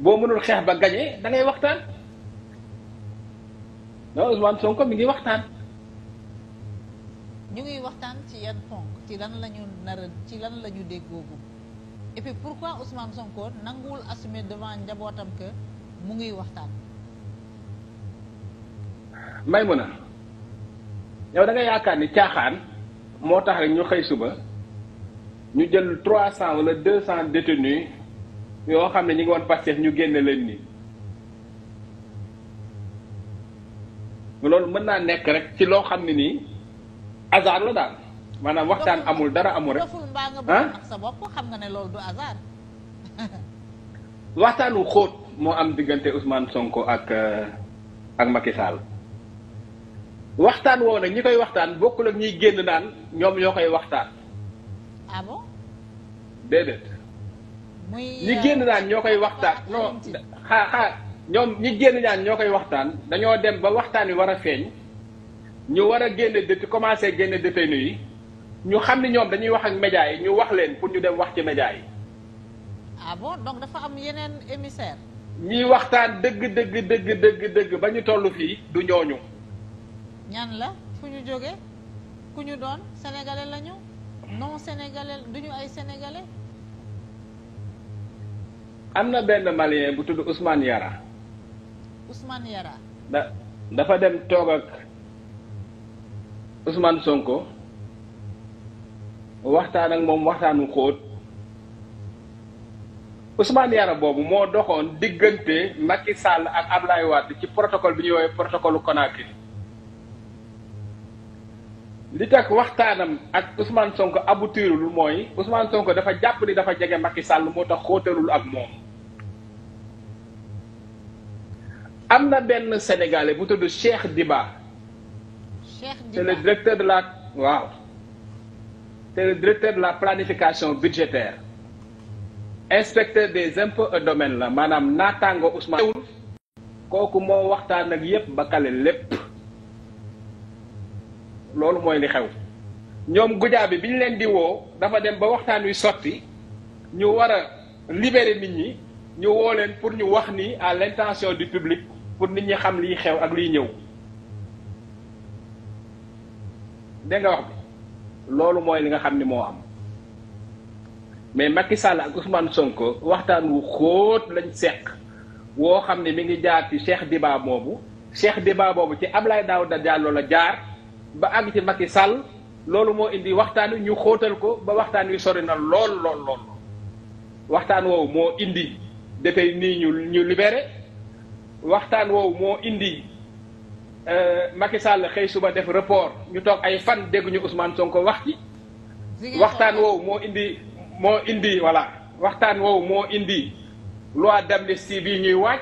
boo mënul xeex ba gañee dangay ngay waxtaan non Ousmane Sonko mi ngi waxtaan. ñu ngi waxtaan ci yan ponk ci lan la ñu ci lan la ñu déggoogu et puis pourquoi Ousmane Sonko nanguwul assumer devant njabootam que mu ngi waxtaan. may mun a yow danga nga yaakaar ni caaxaan moo tax rek ñu xëy suba ñu jël trois cent wala deux cent détenus yoo xam ne ñu ngi woon Pastef ñu génne leen nii loolu mën naa nekk rek ci loo xam ne nii hasard la daal maanaam waxtaan amul dara amul rek ah wu xóot moo am diggante Ousmane Sonko ak euh, ak Macky Sall waxtaan woo nag ñi koy waxtaan bokkul ak ñuy génn daan ñoom ñoo koy waxtaan. ah déedéet. ñi euh, génn daan ñoo koy waxtaan non xaa xaa ñoom ñi génn daan ñoo koy waxtaan dañoo dem ba waxtaan wi war a feeñ ñu war a génn dëtt commencé génne détenu yi ñu xam ne ñoom dañuy wax ak média yi ñu wax leen pour ñu dem wax ci média yi. ah bon donc dafa am yeneen émissaire ñiy waxtaan dëgg dëgg dëgg dëgg dëgg ba ñu toll fii du ñooñu. ñan la fu ñu jógee ku ñu doon sénégalais lañu non sénégalais duñu ay sénégalais. amna na benn malien bu Ousmane Yara Ousmane Yara da dafa dem toog ak Ousmane Sonko waxtaan ak moom waxtaanu xóot Ousmane Yara boobu mo doxoon diggante Macky Sall ak Ablaye Wade ci protocole bi ñuy woowee protocole Conakry li tax waxtaanam ak Ousmane Sonko abutirul mooy Ousmane Sonko dafa jàpp ni dafa jege Macky Sall moo tax ak amna ben sénégalais bu tudd Cheikh Diba. Cheikh Diba c'est le directeur de la wow, c'est le directeur de la planification budgétaire inspecteur des impôts et domaine la Madame natango Ousmane. koku mo waxtaan ak yépp ba kale lépp loolu mooy li xew ñoom gujaa bi biñ ñu leen di woo dafa dem ba waxtaan wi sotti ñu war a libérer nit ñi ñu woo leen pour ñu wax ni à l'intention du public pour nit ñi xam liy xew ak liy ñëw dégg wax bi loolu mooy li nga xam ni moo am mais Macky sàll ak Ousmane Sonko waxtaan wu xóot lañ seq woo xam ne mi ngi jaar ci Cheikh Diba boobu Cheikh Diba boobu ci Ablaye da Diallo la jaar ba àgg ci Macky sàll loolu moo indi waxtaan wi ñu xóotal ko ba waxtaan wi sori na lool lool lool waxtaan woowu moo indi da tey nii ñu ñu libéré. waxtaan woowu moo indi euh, Macky Sall xëy suba def report ñu toog ay fan dégguñu Ousmane Sonko wax ci waxtaan woowu moo indi moo indi voilà waxtaan woowu moo indi loi d'amnistie bi ñuy waaj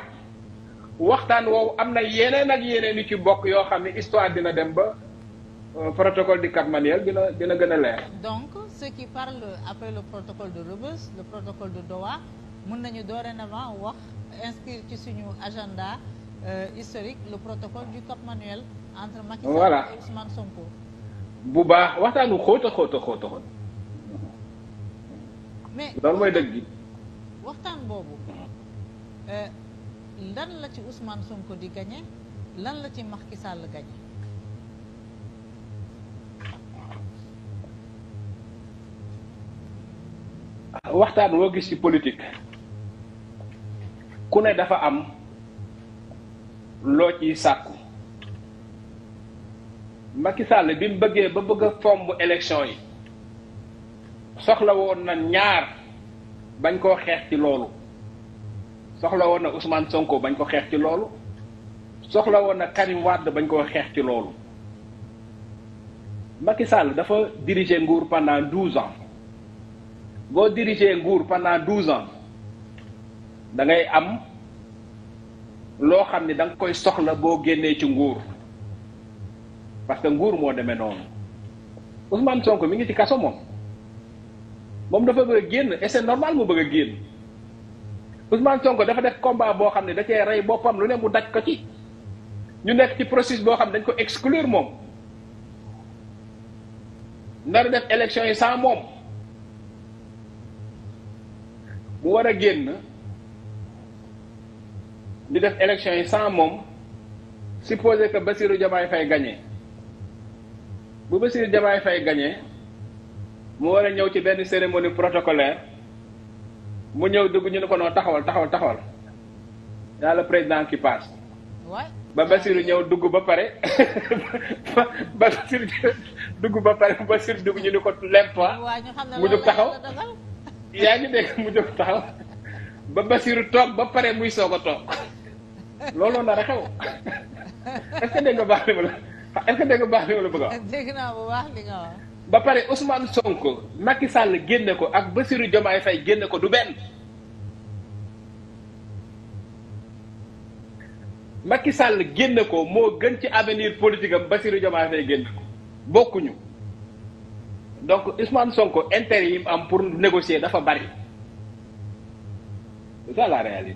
waxtaan woowu am na yeneen ak yeneen yu ci bokk yoo xam ne histoire dina dem ba euh, protocole dina dina gën a leer. donc ceux qui parlent après le protocole de Rebus le protocole de Doha mun nañu dorénavant wax inscrire ci suñu agenda euh, historique le protocole du Cap Manuel entre Macky Sall voilà. et Ousmane Sonko. bu baax waxtaanu xóot a xóot xóot a xóot. mais loolu mooy dëgg gi. waxtaan euh, lan la ci Ousmane Sonko di lan la ci Macky Sall waxtaan woo gis ci politique. ku ne dafa am loo ci sàkku Macky Sall bi mu bëggee ba bëgg a fomb élection yi soxla woon na ñaar bañ koo xeex ci loolu soxla woon na Ousmane Sonko bañ ko xeex ci loolu soxla woon na Karim Wade bañ koo xeex ci loolu Macky Sall dafa diriger nguur pendant douze ans boo diriger nguur pendant douze ans da ngay am loo xam ni da koy soxla boo génnee ci nguur parce que nguur moo demee noonu Ousmane Sonko mi ngi ci kaso moom moom dafa bëgg a génn et c'est normal mu bëgg a génn Ousmane Sonko dafa def combat boo xam ne da cee rey boppam lu ne mu daj ko ci ñu nekk ci processus boo xam ne dañ ko exclure moom nar def élection yi sans moom mu war a génn. di def élection yi sans moom supposé que Bassirou Diomaye Faye gagné bu Bassirou Diomaye Faye gagné mu war a ñëw ci benn cérémonie protocolaire mu ñëw dugg ñu ne ko noo taxawal taxawal taxawal yaa la président qui passe. ba Bassirou ñëw dugg ba pare ba Bassirou dugg ba pare Bassirou dugg ñu ni ko lempa mu jóg taxaw yaa ngi dégg mu jóg taxaw ba Bassirou toog ba pare muy soog a toog looloo nar a xew est-ce que baax li ma la est-ce que dégg baax li ma la bëgg a wax. ba pare Ousmane Sonko Macky sàll génne ko ak Bassirou Diomaye fay génne ko du benn. Macky sàll génne ko moo gën ci avenir politique am Bassirou Diomaye Faye génne ko bokkuñu donc Ousmane Sonko intérêt yi am pour négocier dafa bari c'est ça la